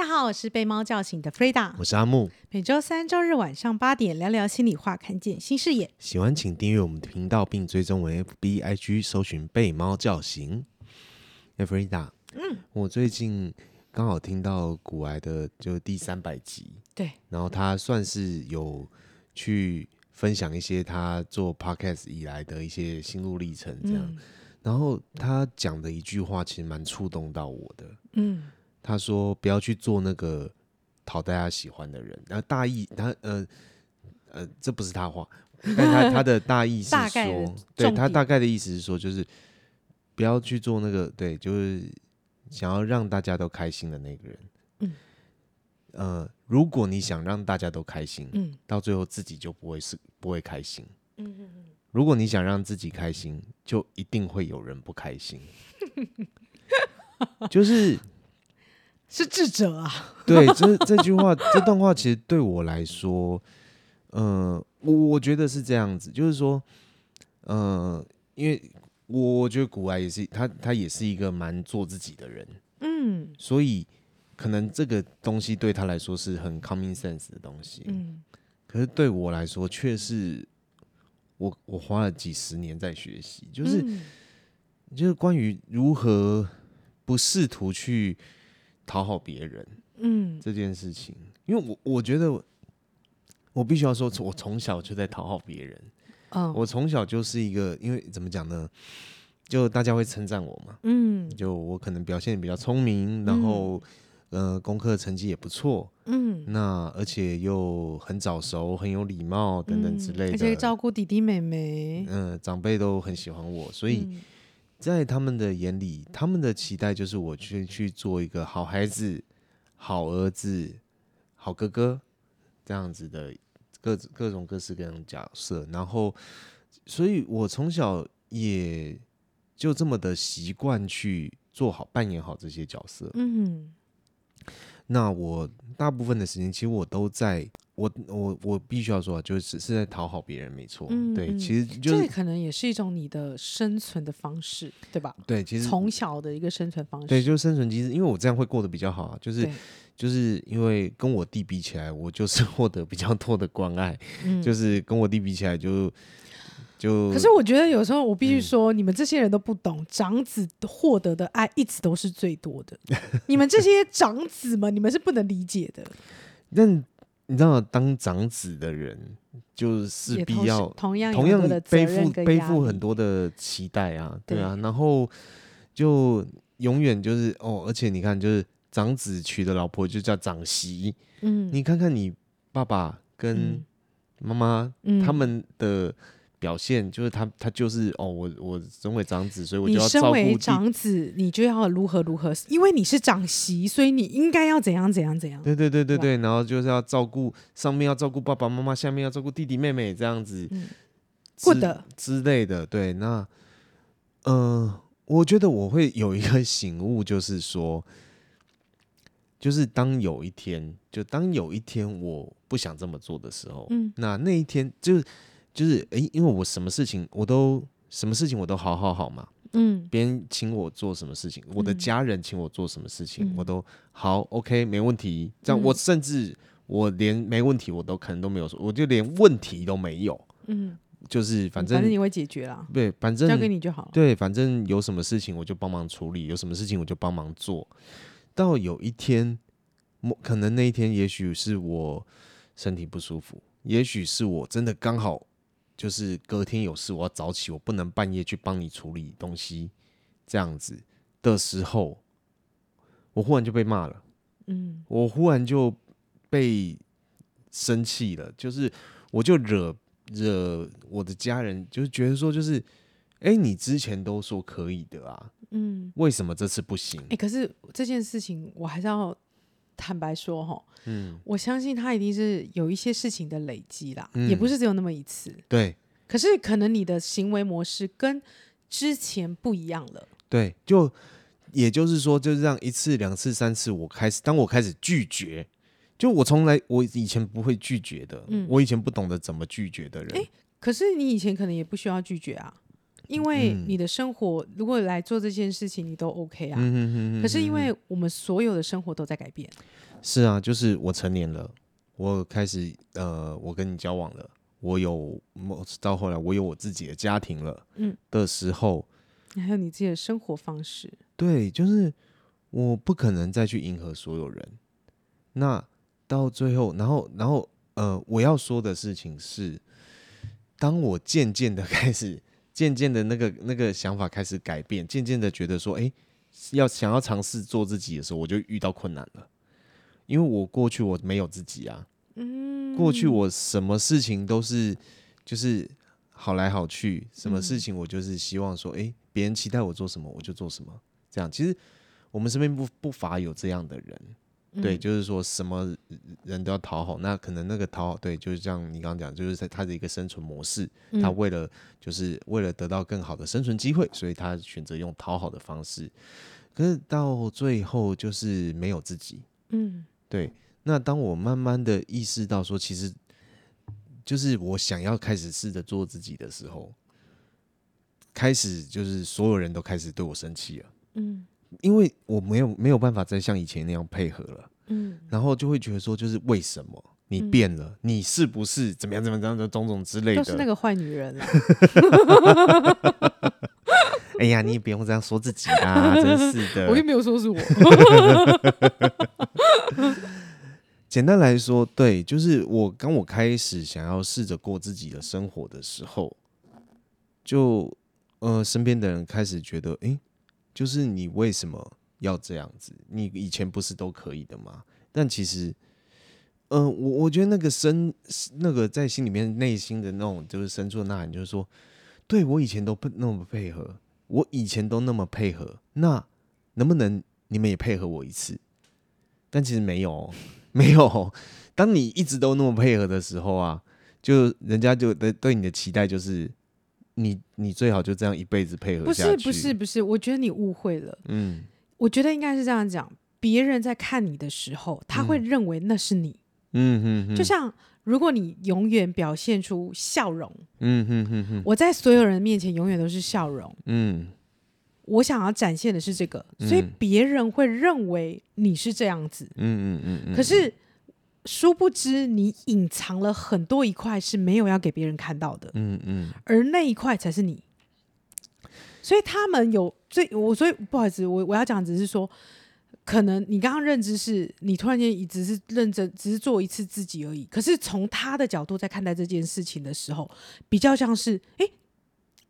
大家好，我是被貓叫醒的 Frida，我是阿木。每周三、周日晚上八點，聊聊心裡話，看見新視野。喜歡請訂閱我們的頻道，並追蹤我們 FB、IG，搜尋“被貓叫醒”。Hey, Frida，嗯，我最近剛好聽到股癌的就第三百集，對，然後他算是有去分享一些他做 podcast 以來的一些心路歷程，這樣、嗯。然後他講的一句話，其實蠻觸動到我的，嗯。他說：“不要去做那個討大家喜歡的人。”呃，然後大意他呃呃，這不是他話，但他他的大意是說， 對他大概的意思是說，就是不要去做那個，對，就是想要讓大家都開心的那個人。嗯、呃，如果你想讓大家都開心，嗯，到最後自己就不會是不會開心。嗯哼哼。如果你想讓自己開心，就一定會有人不開心。 就是。是智者啊！對，這這句話， 這段話，其實對我來說，呃，我我覺得是這樣子，就是說，呃，因為我覺得古埃也是他，他也是一個蠻做自己的人，嗯，所以可能這個東西對他來說是很 common sense 的東西，嗯，可是對我來說卻是，我我花了幾十年在學習，就是，嗯，就是關於如何不試圖去。討好別人，嗯，這件事情，因為我我覺得我，我必須要說，我從小就在討好別人，哦，我從小就是一個，因為怎麼講呢，就大家會稱讚我嘛，嗯，就我可能表現比較聰明，嗯，然後，呃，功課成績也不錯，嗯，那而且又很早熟，很有禮貌等等之類的，嗯，而且照顧弟弟妹妹，嗯，長輩都很喜歡我，所以。嗯在他們的眼裡，他們的期待就是我去去做一個好孩子、好兒子、好哥哥這樣子的各各種各式各樣的角色。然後，所以我從小也就這麼的習慣去做好扮演好這些角色。嗯，那我大部分的時間，其實我都在。我我我必須要說、啊，就是是在討好別人，沒錯、嗯。對，其實、就是、這可能也是一種你的生存的方式，對吧？對，其實從小的一個生存方式，對，就是生存機制。因為我這樣會過得比較好、啊，就是就是因為跟我弟比起來，我就是獲得比較多的關愛、嗯，就是跟我弟比起來就，就就。可是我覺得有時候我必須說、嗯，你們這些人都不懂，長子獲得的愛一直都是最多的。 你們這些長子嘛，你們是不能理解的。那。你知道，當長子的人，就是勢必要同、同樣同樣背負背負很多的期待啊，對啊，對然後就永遠就是哦，而且你看，就是長子娶的老婆就叫長媳，嗯，你看看你爸爸跟媽媽他們的。表現就是他，他就是哦，我我身為長子，所以我就要照顧長子，你就要如何如何，因為你是長媳，所以你應該要怎樣怎樣怎樣。對對對對對，對，然後就是要照顧上面要照顧爸爸媽媽，下面要照顧弟弟妹妹這樣子，過、嗯、的之、之類的。對，那嗯、呃，我覺得我會有一個醒悟，就是說，就是當有一天，就當有一天我不想這麼做的時候，嗯，那那一天就。就是誒、欸，因為我什麼事情我都什麼事情我都好好好嘛，嗯，別人請我做什麼事情，我的家人請我做什麼事情，嗯、我都好 OK，沒問題。這樣我甚至、嗯、我連沒問題我都可能都沒有說，我就連問題都沒有，嗯，就是反正反正你會解決啦，對，反正交給你就好，對，反正有什麼事情我就幫忙處理，有什麼事情我就幫忙做。到有一天，可能那一天也許是我身體不舒服，也許是我真的剛好。就是隔天有事，我要早起，我不能半夜去幫你處理東西，這樣子的時候，我忽然就被罵了，嗯，我忽然就被生氣了，就是我就惹惹我的家人，就是覺得說，就是欸，你之前都說可以的啊，嗯，為什麼這次不行？欸，可是這件事情我還是要。坦白說哈，嗯，我相信他一定是有一些事情的累積啦、嗯，也不是只有那麼一次。對，可是可能你的行為模式跟之前不一樣了。對，就也就是說，就是這樣一次、兩次、三次，我開始，當我開始拒絕，就我從來我以前不會拒絕的、嗯，我以前不懂得怎麼拒絕的人、欸。可是你以前可能也不需要拒絕啊。因為你的生活，嗯，如果來做這件事情，你都 OK 啊。嗯哼哼哼哼哼。可是因為我們所有的生活都在改變。是啊，就是我成年了，我開始呃，我跟你交往了，我有某到後來我有我自己的家庭了，嗯，的時候，你還有你自己的生活方式。對，就是我不可能再去迎合所有人。那到最後，然後然後呃，我要說的事情是，當我漸漸的開始。漸漸的那個那個想法開始改變，漸漸的覺得說，欸，要想要嘗試做自己的時候，我就遇到困難了。因為我過去我沒有自己啊，過去我什麼事情都是就是好來好去，什麼事情我就是希望說，欸，別人期待我做什麼，我就做什麼，這樣。其實我們身邊不不乏有這樣的人。對、嗯，就是說什麼人都要討好，那可能那個討好，對，就是像你剛剛講，就是他他的一個生存模式，他、嗯、為了就是為了得到更好的生存機會，所以他選擇用討好的方式。可是到最後就是沒有自己。嗯，對。那當我慢慢的意識到說，其實就是我想要開始試着做自己的時候，開始就是所有人都開始對我生氣了。嗯。因為我沒有沒有辦法再像以前那樣配合了，嗯、然後就會覺得說，就是為什麼你變了、嗯？你是不是怎麼樣怎麼樣的種種之類的？都是那個壞女人了、啊。 哎呀，你也不用這樣說自己啊， 真是的。我又沒有說是我。 簡單來說，對，就是我剛我開始想要試着過自己的生活的時候，就呃，身邊的人開始覺得，哎、欸。就是你為什麼要這樣子？你以前不是都可以的嗎？但其實，呃，我我覺得那個深，那個在心裡面、內心的那種，就是深處的吶喊，就是說，對，我以前都不那麼配合，我以前都那麼配合，那能不能你們也配合我一次？但其實沒有，沒有。當你一直都那麼配合的時候啊，就人家就對對你的期待就是。你你最好就這樣一輩子配合下去。不是不是不是，我覺得你誤會了。嗯，我覺得應該是這樣講，別人在看你的時候，他會認為那是你。嗯，嗯，嗯，嗯。就像，如果你永遠表現出笑容，嗯，嗯，嗯，嗯。我在所有人面前永遠都是笑容。嗯，我想要展現的是這個，所以別人會認為你是這樣子。嗯嗯嗯，嗯，可是。殊不知，你隱藏了很多一塊是沒有要給別人看到的。嗯嗯，而那一塊才是你，所以他們有最我所以，我所以不好意思，我我要講只是說，可能你剛剛認知是你突然間只是認真，只是做一次自己而已。可是從他的角度在看待這件事情的時候，比較像是誒、欸，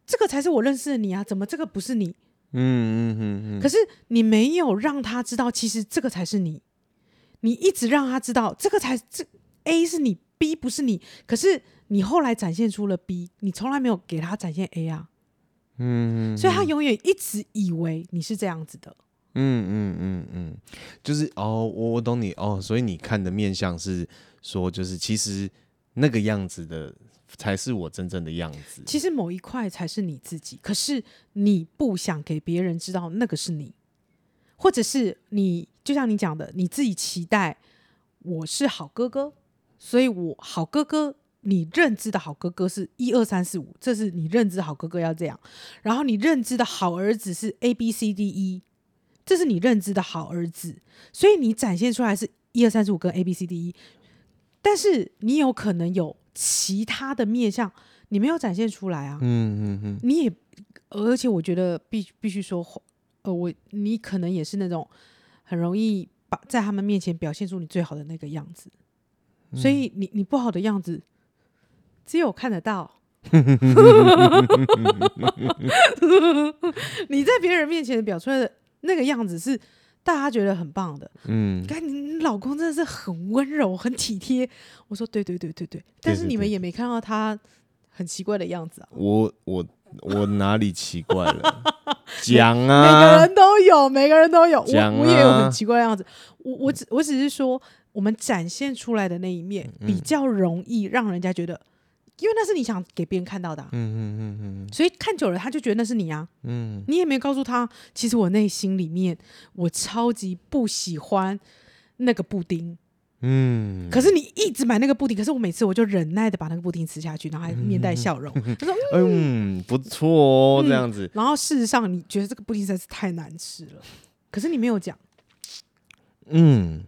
這個才是我認識的你啊，怎麼這個不是你？嗯嗯嗯嗯。可是你沒有讓他知道，其實這個才是你。你一直讓他知道這個才這 A 是你 B 不是你，可是你後來展現出了 B，你從來沒有給他展現 A 啊，嗯，嗯所以他永遠一直以為你是這樣子的，嗯嗯嗯嗯，就是哦，我我懂你哦，所以你看的面相是說就是其實那個樣子的才是我真正的樣子，其實某一塊才是你自己，可是你不想給別人知道那個是你。或者是你，就像你講的，你自己期待我是好哥哥，所以我好哥哥，你認知的好哥哥是一二三四五，這是你認知好哥哥要這樣。然後你認知的好兒子是 A B C D E，這是你認知的好兒子，所以你展現出來是一二三四五跟 A B C D E。但是你有可能有其他的面向，你沒有展現出來啊。嗯嗯嗯，你也，而且我覺得必必須說。呃，我你可能也是那種很容易把在他們面前表現出你最好的那個樣子，所以你你不好的樣子只有我看得到。嗯。 你在別人面前表出來的那個樣子是大家覺得很棒的。嗯，你看你老公真的是很溫柔、很體貼。我說對對對對對，對，但是你們也沒看到他很奇怪的樣子啊。對對對。我。我我。我哪裡奇怪了？ 講啊！每個人都有，每個人都有。講啊我！我也有很奇怪的樣子。我我只我只是說，我們展現出來的那一面、嗯、比較容易讓人家覺得，因為那是你想給別人看到的、啊。嗯嗯嗯嗯。所以看久了，他就覺得那是你啊。嗯。你也沒告訴他，其實我內心裡面，我超級不喜歡那個布丁。嗯，可是你一直買那個布丁，可是我每次我就忍耐的把那個布丁吃下去，然後還面帶笑容，嗯、他說嗯嗯：“嗯，不錯哦，嗯、這樣子。”然後事實上，你覺得這個布丁實在是太難吃了，可是你沒有講。嗯，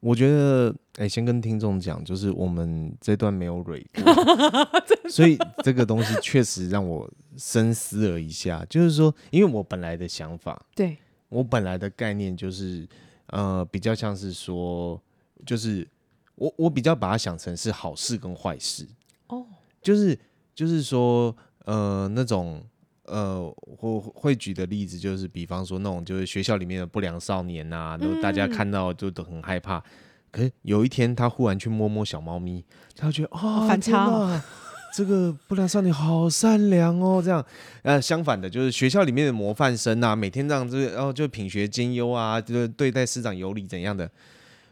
我覺得，哎，先跟聽眾講，就是我們這段沒有瑞哥， 所以這個東西確實讓我深思了一下。就是說，因為我本來的想法，對，我本來的概念就是，呃，比較像是說。就是我我比較把它想成是好事跟壞事哦，就是就是說呃那種呃我會舉的例子就是比方說那種就是學校裡面的不良少年吶、啊，然後大家看到就都很害怕、嗯。可是有一天他忽然去摸摸小貓咪，他就覺得哦、啊，反差，這個不良少年好善良哦，這樣。呃，相反的，就是學校裡面的模範生啊，每天這樣子，然、哦、後就品學兼優啊，就是對待師長有禮怎樣的。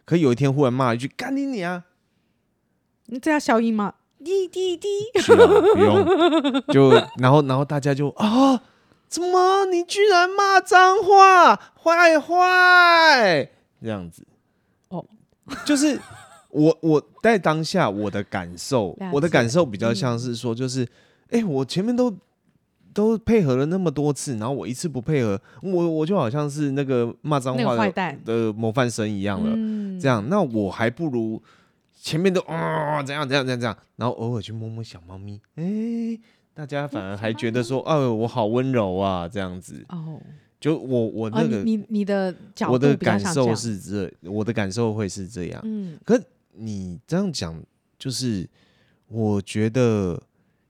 可以有一天忽然罵一句“幹你你啊”，你這樣消音嗎？滴滴滴，是啊、不用， 就然後然後大家就啊，怎麼你居然罵髒話，壞壞這樣子哦，oh. 就是我我在當下我的感受，我的感受比較像是說，就是哎、嗯，我前面都。都配合了那麼多次，然後我一次不配合，我我就好像是那個罵髒話的模範生一樣了、嗯。這樣，那我還不如前面都哦、啊，這樣這樣這樣這樣，然後偶爾去摸摸小貓咪，哎，大家反而還覺得說，哦、哎，我好溫柔啊，這樣子。哦，就我我那個、哦、你你的我的感受是這，這樣，我的感受會是這樣。嗯，可你這樣講，就是我覺得。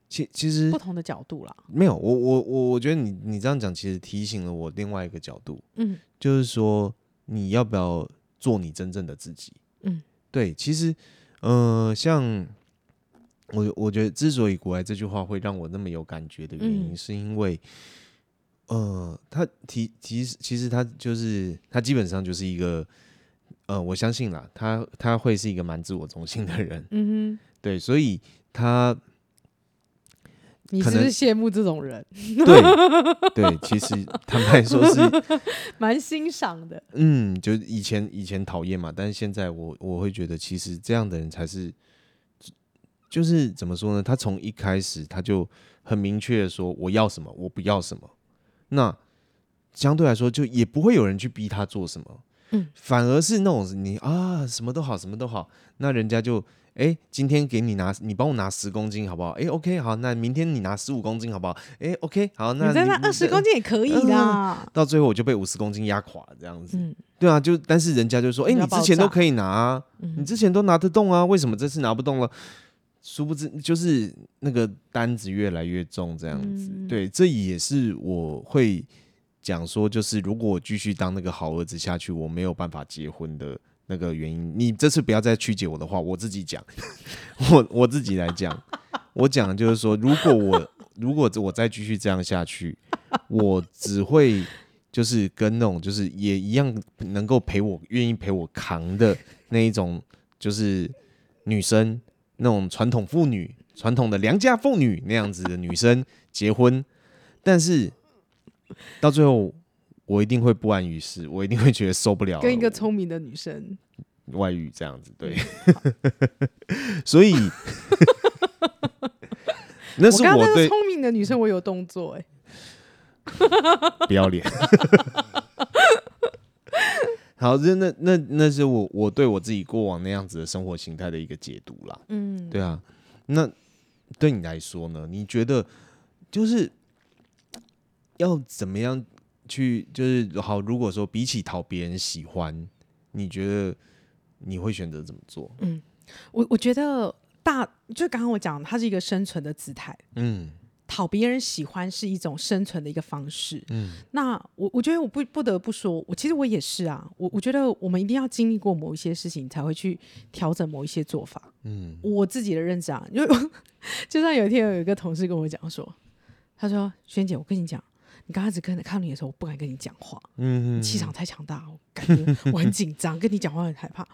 其其實不同的角度啦，沒有我我我我覺得你你這樣講，其實提醒了我另外一個角度，嗯，就是說你要不要做你真正的自己，嗯，對，其實，呃，像我我覺得，之所以國外這句話會讓我那麼有感覺的原因，是因為，嗯、呃，他其其實其實他就是他基本上就是一個，呃，我相信啦，他他會是一個蠻自我中心的人，嗯哼，對，所以他。你是不是羨慕這種人？對對，其實坦白說是 蠻欣賞的。嗯，就以前以前討厭嘛，但是現在我我會覺得，其實這樣的人才是，就是怎麼說呢？他從一開始他就很明確的說，我要什麼，我不要什麼。那相對來說，就也不會有人去逼他做什麼。嗯，反而是那種你啊，什麼都好，什麼都好，那人家就。哎、欸，今天給你拿，你幫我拿十公斤好不好？哎、欸、，OK，好，那明天你拿十五公斤好不好？哎、欸、，OK，好，那那二十公斤也可以的、嗯。到最後我就被五十公斤壓垮，這樣子、嗯。對啊，就但是人家就說，哎、欸，你之前都可以拿、啊，你之前都拿得動啊，為什麼這次拿不動了？殊不知就是那個擔子越來越重，這樣子、嗯。對，這也是我會講說，就是如果我繼續當那個好兒子下去，我沒有辦法結婚的。那個原因，你這次不要再曲解我的話，我自己講，我我自己來講，我講的就是說，如果我如果我再繼續這樣下去，我只會就是跟那種就是也一樣能夠陪我、願意陪我扛的那一種就是女生，那種傳統婦女、傳統的良家婦女那樣子的女生結婚，但是到最後。我一定會不安於室，我一定會覺得受不了。跟一個聰明的女生外遇這樣子，對， 所以 那是我對聰明的女生我有動作、欸，哎， 不要臉臉。 好，那那那那是我我對我自己過往那樣子的生活形態的一個解讀啦。嗯，對啊，那對你來說呢？你覺得就是要怎麼樣？去就是好。如果說比起討別人喜歡，你覺得你會選擇怎麼做？嗯，我我覺得大就剛剛我講，它是一個生存的姿態。嗯，討別人喜歡是一種生存的一個方式。嗯，那我我覺得我不不得不說，我其實我也是啊。我我覺得我們一定要經歷過某一些事情，才會去調整某一些做法。嗯，我自己的認知啊，因為就像有一天有一個同事跟我講說，他說：“萱姐，我跟你講。”你剛開始跟康寧的時候，我不敢跟你講話，嗯、氣場太強大，我感覺我很緊張， 跟你講話很害怕。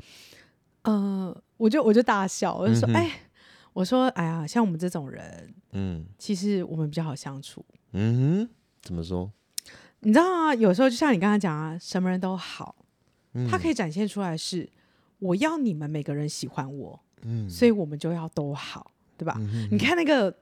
呃，我就我就大笑，我就說，嗯，哎，我說，哎呀，像我們這種人，嗯，其實我們比較好相處，嗯，怎麼說？你知道啊，有時候就像你剛剛講啊，什麼人都好，他，嗯、可以展現出來是我要你們每個人喜歡我，嗯，所以我們就要都好，對吧？嗯、哼哼你看那個。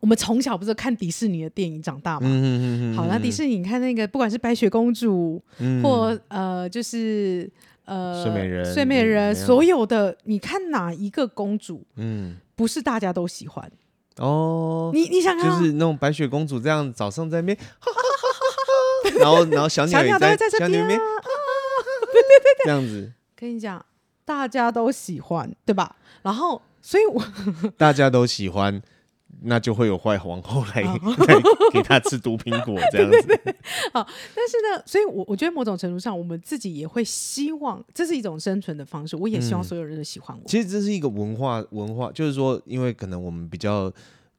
我們從小不是看迪士尼的電影長大嘛？嗯嗯嗯。好，那迪士尼你看那個，不管是白雪公主，嗯、或呃，就是呃，睡美人，睡美,美,美,美,美人，所有的你看哪一個公主，嗯，不是大家都喜歡哦。你你想看，就是那種白雪公主這樣早上在那邊，哈哈哈哈 然後然後小鳥 小鳥都在小鳥那邊、啊，對 對這樣子。跟你講，大家都喜歡，對吧？然後，所以我 大家都喜歡。那就會有壞皇後來、哦、 來給他吃毒蘋果這樣子 對對對。好，但是呢，所以我，我我覺得某種程度上，我們自己也會希望，這是一種生存的方式。我也希望所有人都喜歡我。嗯、其實這是一個文化文化，就是說，因為可能我們比較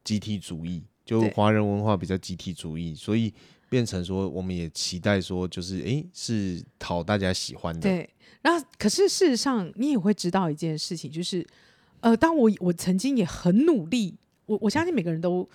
集體主義，就華人文化比較集體主義，所以變成說，我們也期待說，就是哎，是討大家喜歡的。對。然後，可是事實上，你也會知道一件事情，就是呃，當我我曾經也很努力。我我相信每個人都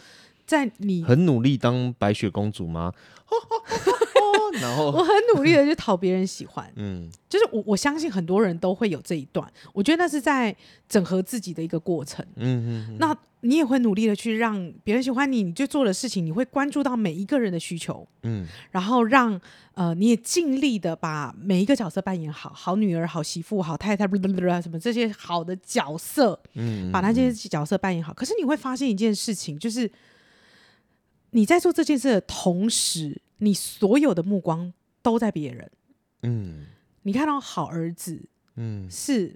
在，你很努力當白雪公主嗎？呵呵呵呵呵，然後 我很努力的去討別人喜歡，嗯， 就是我我相信很多人都會有這一段，我覺得那是在整合自己的一個過程，嗯嗯，那。你也會努力的去讓別人喜歡你，你就做的事情，你會關注到每一個人的需求，嗯，然後讓呃，你也盡力的把每一個角色扮演好，好女兒、好媳婦、好太太，呃呃呃呃、什麼這些好的角色嗯，嗯，把那些角色扮演好、嗯嗯。可是你會發現一件事情，就是你在做這件事的同時，你所有的目光都在別人，嗯，你看到好兒子，嗯，是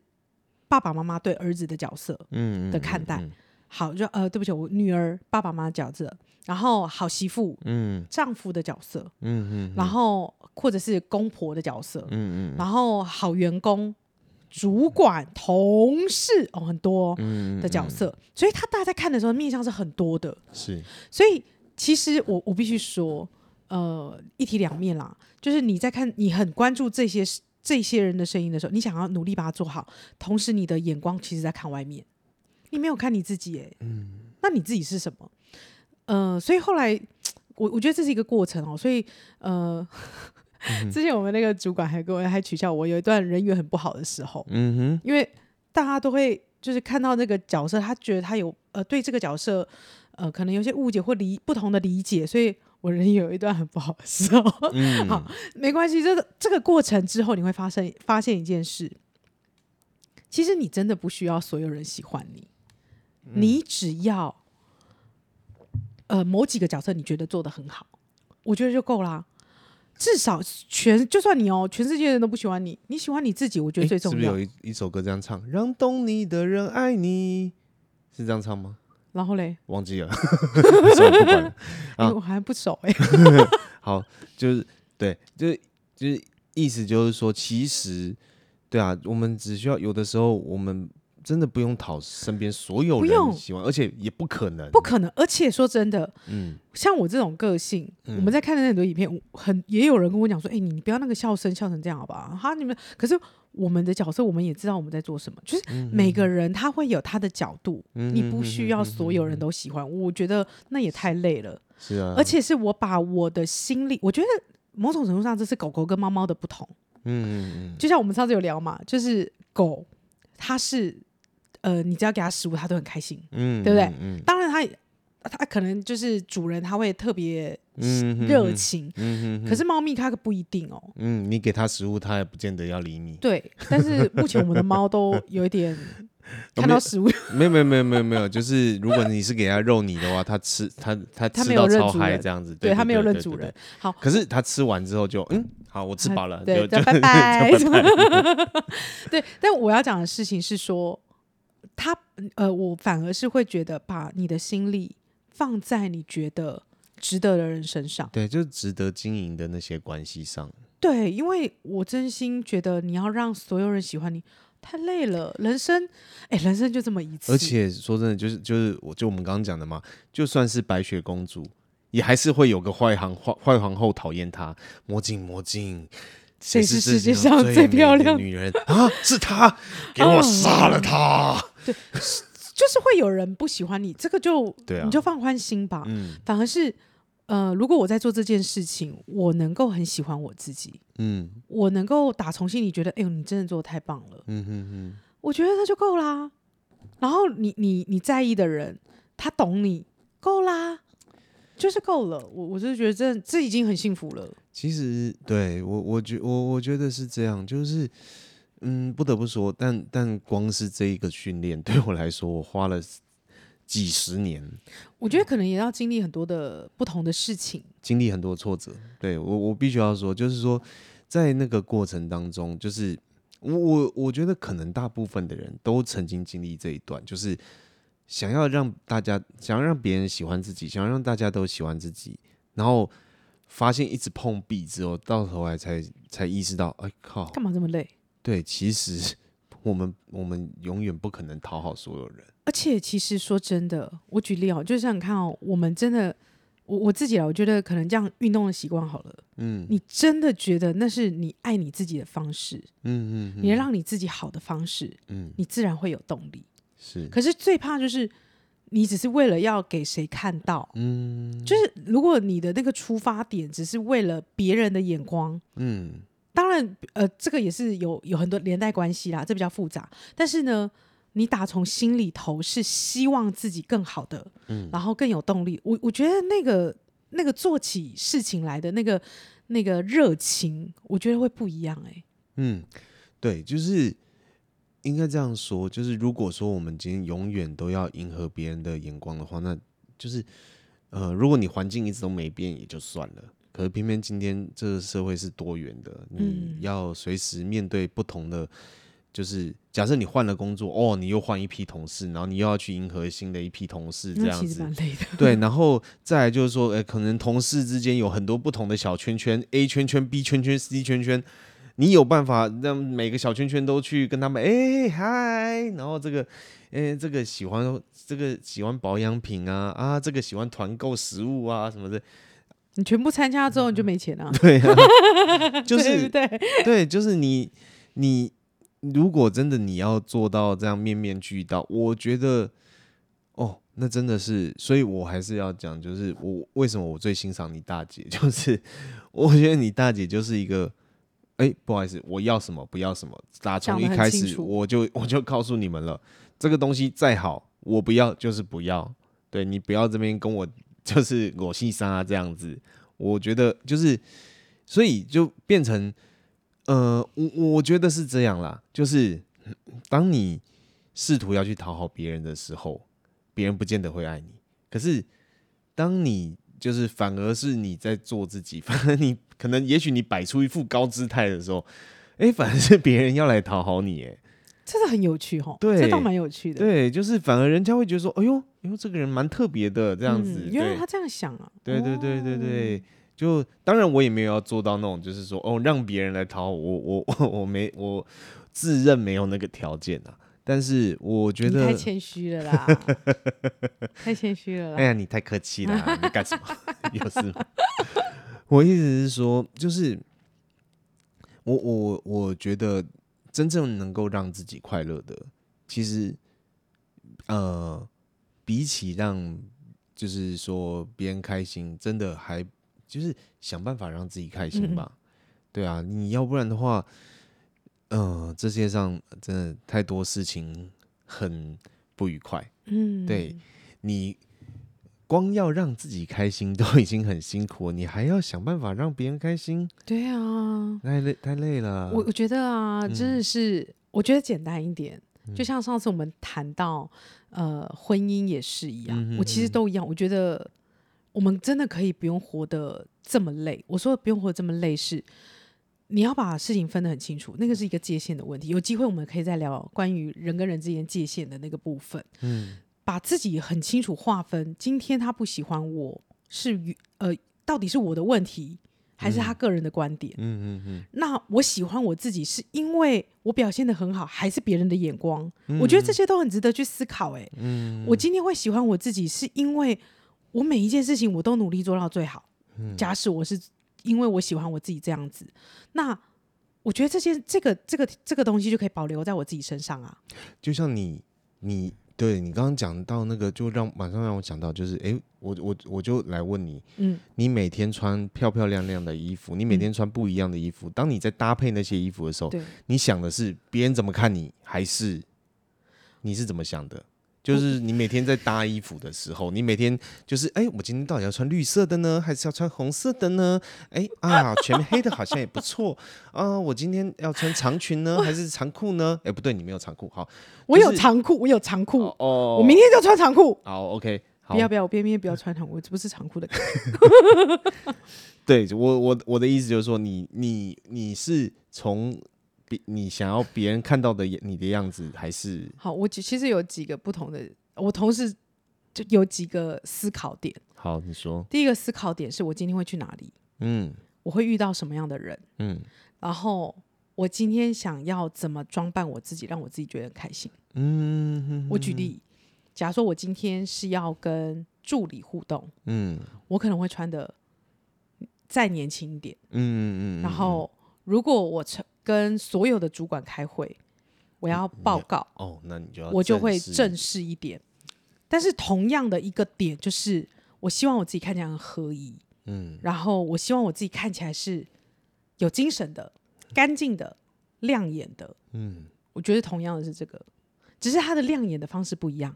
爸爸媽媽對兒子的角色，嗯，的看待。嗯嗯嗯嗯嗯好，就呃，對不起，我女兒、爸爸媽媽的角色，然後好媳婦，嗯，丈夫的角色，嗯，嗯，嗯，然後或者是公婆的角色，嗯，嗯，然後好員工、主管、同事，哦，很多、哦嗯嗯、的角色，所以他大家在看的時候，面向是很多的，是，所以其實我我必須說，呃，一體兩面啦，就是你在看你很關注這些這些人的聲音的時候，你想要努力把它做好，同時你的眼光其實在看外面。你沒有看你自己欸，嗯，那你自己是什麼？嗯、呃，所以後來我我覺得這是一個過程哦、喔，所以呃、嗯，之前我們那個主管還跟我還取笑我有一段人緣很不好的時候，嗯哼，因為大家都會就是看到那個角色，他覺得他有呃對這個角色呃可能有些誤解或理不同的理解，所以我人緣有一段很不好的時候，嗯、好，沒關係，這個這個過程之後，你會發生發現一件事，其實你真的不需要所有人喜歡你。嗯、你只要，呃，某幾個角色你覺得做得很好，我覺得就夠了。至少全就算你哦，全世界人都不喜歡你，你喜歡你自己，我覺得最重要。是不是有一一首歌這樣唱？讓懂你的人愛你，是這樣唱嗎？然後嘞，忘記了， 所以不管， 啊、我還不熟哎、欸。 好，就是對，就是就是意思就是說，其實對啊，我們只需要有的時候我們。真的不用討身邊所有人喜歡，不用，而且也不可能。不可能，而且說真的，嗯，像我這種個性，嗯、我們在看的很多影片，很也有人跟我講說：“哎、欸，你不要那個笑聲笑成這樣，好不好？”好，你們可是我們的角色，我們也知道我們在做什麼。就是每個人他會有他的角度，嗯、你不需要所有人都喜歡、嗯，我覺得那也太累了。是啊，而且是我把我的心理，我覺得某種程度上這是狗狗跟貓貓的不同。嗯嗯嗯，就像我們上次有聊嘛，就是狗，它是。呃，你只要給它食物，它都很開心，嗯，對不對？嗯，嗯當然他，它它可能就是主人，他會特別熱情，嗯，嗯，嗯，嗯可是貓咪它可不一定哦，嗯，你給它食物，它也不見得要理你，對。但是目前我們的貓都有一點看到食物， 沒，沒，沒，沒有沒有沒有沒有沒有，就是如果你是給它肉泥的話，它吃它它吃到超嗨 這樣子，對它沒有認主人，好。可是它吃完之後就嗯，嗯，好，我吃飽了，嗯、對就就就就，拜拜，拜拜。對，但我要講的事情是說。他呃，我反而是會覺得把你的心力放在你覺得值得的人身上，對，就是值得經營的那些關係上。對，因為我真心覺得你要讓所有人喜歡你，太累了。人生，哎、欸，人生就這麼一次。而且說真的，就是就是，我就我們剛剛講的嘛，就算是白雪公主，也還是會有個壞皇壞皇后討厭她，魔鏡魔鏡。誰是，是世界上最漂亮的女人啊？是她，給我殺了她 嗯！對，就是會有人不喜歡你，這個就、對啊、你就放寬心吧、嗯。反而是，呃，如果我在做這件事情，我能夠很喜歡我自己，嗯、我能夠打從心裡，你覺得，哎呦，你真的做得太棒了，嗯、哼哼我覺得這就夠啦。然後你你你在意的人，他懂你，夠啦。就是夠了，我我就覺得這這已經很幸福了。其實對我我覺我我覺得是這樣，就是嗯，不得不說，但但光是這一個訓練對我來說，我花了幾十年。我覺得可能也要經歷很多的不同的事情，嗯、經歷很多挫折。對我我必須要說，就是說在那個過程當中，就是我我我覺得可能大部分的人都曾經經歷這一段，就是。想要讓大家想要讓別人喜歡自己，想要讓大家都喜歡自己，然後發現一直碰壁之後，到頭來才才意識到，哎靠，幹嘛這麼累？對，其實我們我們永遠不可能討好所有人。而且其實說真的，我舉例哦，就是像你看哦，我們真的我我自己啊，我覺得可能這樣運動的習慣好了，嗯，你真的覺得那是你愛你自己的方式，嗯嗯，你讓你自己好的方式，嗯，你自然會有動力。是，可是最怕就是你只是為了要給誰看到，嗯，就是如果你的那個出發點只是為了別人的眼光，嗯，當然，呃，這個也是有有很多連帶關係啦，這比較複雜。但是呢，你打從心裡頭是希望自己更好的，嗯，然後更有動力。我我覺得那個那個做起事情來的那個那個熱情，我覺得會不一樣欸。嗯，對，就是。應該這樣說，就是如果說我們今天永遠都要迎合別人的眼光的話，那就是呃，如果你環境一直都沒變、嗯、也就算了。可是偏偏今天這個社會是多元的，你要隨時面對不同的，嗯、就是假設你換了工作，哦，你又換一批同事，然後你又要去迎合新的一批同事，嗯、這樣子、嗯，對。然後再來就是說，哎、欸，可能同事之間有很多不同的小圈圈，A 圈圈、B 圈圈、C 圈圈。你有辦法讓每個小圈圈都去跟他們哎、欸、嗨，然後這個哎、欸、這個喜歡這個喜歡保養品啊啊，這個喜歡團購食物啊什麼的，你全部參加之後你就沒錢了、啊嗯啊 就是。對，就是對對，就是你你如果真的你要做到這樣面面俱到，我覺得哦，那真的是，所以我還是要講，就是我為什麼我最欣賞你大姐，就是我覺得你大姐就是一個。哎、欸，不好意思，我要什麼不要什麼，打從一開始我就我就，我就告訴你們了、嗯，這個東西再好我不要，就是不要。對你不要這邊跟我就是我犧牲這樣子，我覺得就是，所以就變成，呃，我我覺得是這樣啦，就是當你試圖要去討好別人的時候，別人不見得會愛你，可是當你就是反而是你在做自己，反而你。可能也許你擺出一副高姿態的時候，哎、欸，反而是別人要來討好你、欸，哎，這是很有趣、哦、對，這倒蠻有趣的。對，就是反而人家會覺得說，哎呦，呦，這個人蠻特別的這樣子、嗯。原來他這樣想啊？對對對對對，哦、就當然我也沒有要做到那種，就是說哦，讓別人來討好我，我我我沒我自認沒有那個條件啊，但是我覺得太謙虛了啦， 太謙虛了。哎呀，你太客氣了、啊，你幹什麼？ 有事嗎？我意思是說，就是我我我覺得，真正能夠讓自己快樂的，其實，呃，比起讓就是說別人開心，真的還就是想辦法讓自己開心吧。嗯、對啊，你要不然的話，嗯、呃，這世界上真的太多事情很不愉快。嗯，對你。光要讓自己開心都已經很辛苦了，你還要想辦法讓別人開心，對啊，太累太累了。我我覺得啊，真的是，嗯、我覺得簡單一點，嗯、就像上次我們談到，呃，婚姻也是一樣、嗯，我其實都一樣。我覺得我們真的可以不用活得這麼累。我說不用活得這麼累是，你要把事情分得很清楚，那個是一個界限的問題。有機會我們可以再聊聊關於人跟人之間界限的那個部分。嗯。把自己很清楚劃分。今天他不喜歡我是與呃，到底是我的問題還是他個人的觀點？嗯嗯嗯，嗯。那我喜歡我自己是因為我表現得很好，還是別人的眼光、嗯？我覺得這些都很值得去思考、欸。誒、嗯嗯，我今天會喜歡我自己是因為我每一件事情我都努力做到最好。假使我是因為我喜歡我自己這樣子，那我覺得這些這個這個這個東西就可以保留在我自己身上啊。就像你，你。對，你剛剛講到那個，就讓馬上讓我想到，就是，誒，我我我就來問你，嗯，你每天穿漂漂亮亮的衣服，你每天穿不一樣的衣服，當你在搭配那些衣服的時候，你想的是別人怎麼看你，還是你是怎麼想的？就是你每天在搭衣服的時候，你每天就是哎、欸，我今天到底要穿綠色的呢，還是要穿紅色的呢？哎、欸、啊，全黑的好像也不錯啊。我今天要穿長裙呢，還是長褲呢？哎、欸，不對，你沒有長褲，好、就是，我有長褲，我有長褲、哦，哦，我明天就穿長褲。好，OK，好，不要不要，我明天不要穿長褲，這不是長褲的。 對，我我我的意思就是說，你你你是從。比你想要別人看到的你的樣子還是好。我其實有幾個不同的，我同時就有幾個思考點。好，你說。第一個思考點是我今天會去哪裡？嗯，我會遇到什麼樣的人？嗯，然後我今天想要怎麼裝扮我自己，讓我自己覺得很開心。嗯哼哼哼，我舉例，假如說我今天是要跟助理互動，嗯，我可能會穿得再年輕一點。嗯嗯,嗯,嗯，然後如果我成跟所有的主管開會，我要報告哦。那你就要，我就會正式一點。但是同樣的一個點，就是我希望我自己看起來很合宜。嗯，然後我希望我自己看起來是有精神的、乾淨的、亮眼的，嗯。我覺得同樣的是這個，只是他的亮眼的方式不一樣。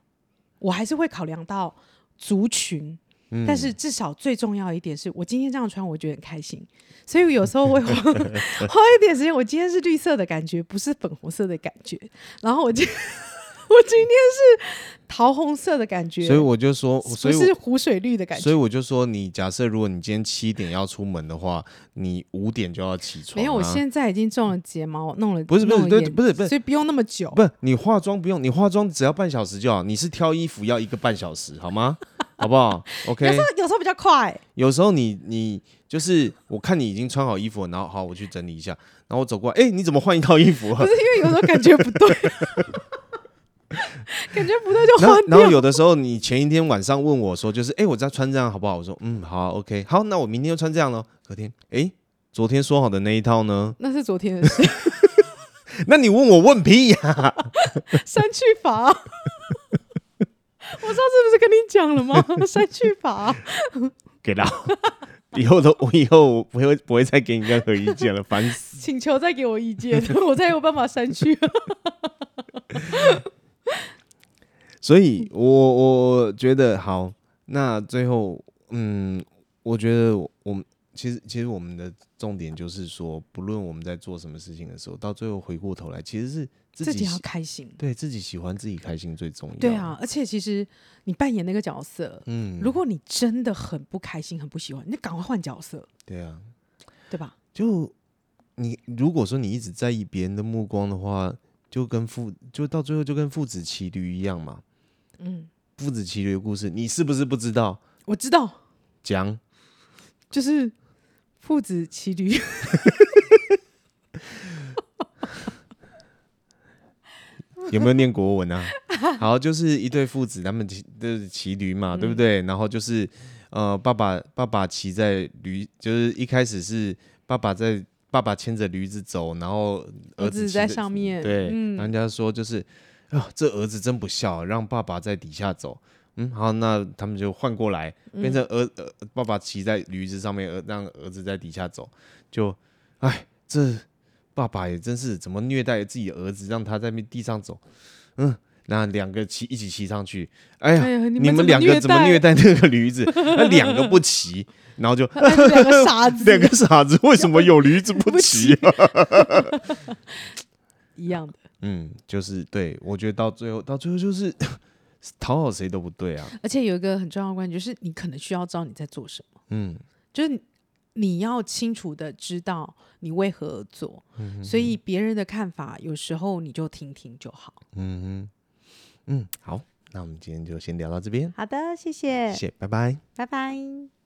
我還是會考量到族群。但是至少最重要一點是我今天這樣穿，我覺得很開心。所以有時候我會花，花一點時間。我今天是綠色的感覺，不是粉紅色的感覺。然後我今我今天是桃紅色的感覺。所以我就說，所以是湖水綠的感覺。 所以我就說，你假設如果你今天七點要出門的話，你五點就要起床。沒有，我現在已經種了睫毛，弄了不是，不不是不是，所以不用那麼久。不是你化妝不用，你化妝只要半小時就好。你是挑衣服要一個半小時，好，好嗎？ 好不好？OK 有。有時候有時候比較快、欸。有時候你你就是我看你已經穿好衣服，然後好我去整理一下，然後我走過來，哎、欸、你怎麼換一套衣服？不是因為有時候感覺不對， 感覺不對就換掉，然，然後有的時候你前一天晚上問我說，就是哎、欸、我在穿這樣好不好？我說嗯好、啊、OK 好，那我明天就穿這樣咯。隔天哎、欸、昨天說好的那一套呢？那是昨天的事。 那你問我問屁呀、啊？刪 去法髮、啊 我上次不是跟你講了嗎？ 刪去吧 okay,，給 啦。以後都我以後不會不會再給你任何意見了，煩死。 請求再給我意見，我才有辦法刪去。 所以，我我覺得好，那最後，嗯，我覺得我們其實其實我們的重點就是說，不論我們在做什麼事情的時候，到最後回過頭來，其實是。自己，自己要開心，對自己喜歡自己開心最重要。對啊，而且其實你扮演那個角色，嗯，如果你真的很不開心、很不喜歡，你就趕快換角色。對啊，對吧？就你如果說你一直在意別人的目光的話，就跟父就到最後就跟父子騎驢一樣嘛。嗯，父子騎驢的故事，你是不是不知道？我知道，講就是父子騎驢。 有沒有念國文啊？好，就是一對父子，他們騎就是騎驢嘛，對不對？嗯、然後就是呃，爸爸爸爸騎在驢，就是一開始是爸爸在爸爸牽着驢子走，然後兒子在上面。對，嗯、人家說就是啊、呃，這兒子真不孝，讓爸爸在底下走。嗯，好，那他們就換過來，變成兒兒、呃、爸爸騎在驢子上面，兒讓兒子在底下走。就，哎，這。爸爸也真是怎麼虐待自己的兒子，讓他在那地上走，嗯，那兩個騎一起騎上去，哎呀哎你，你們兩個怎麼虐待那個驢子？那、 啊、兩個不騎，然後就兩個傻子。 兩個傻子為什麼有驢子不騎、啊？ 一樣的，嗯，就是對，我覺得到最後，到最後就是討好誰都不對啊。而且有一個很重要的觀點就是，你可能需要知道你在做什麼，嗯，就是你。你要清楚的知道你為何而做，嗯嗯，所以別人的看法有時候你就聽聽就好。嗯嗯，嗯，好，那我們今天就先聊到這邊。好的，謝謝，謝謝，拜拜，拜拜。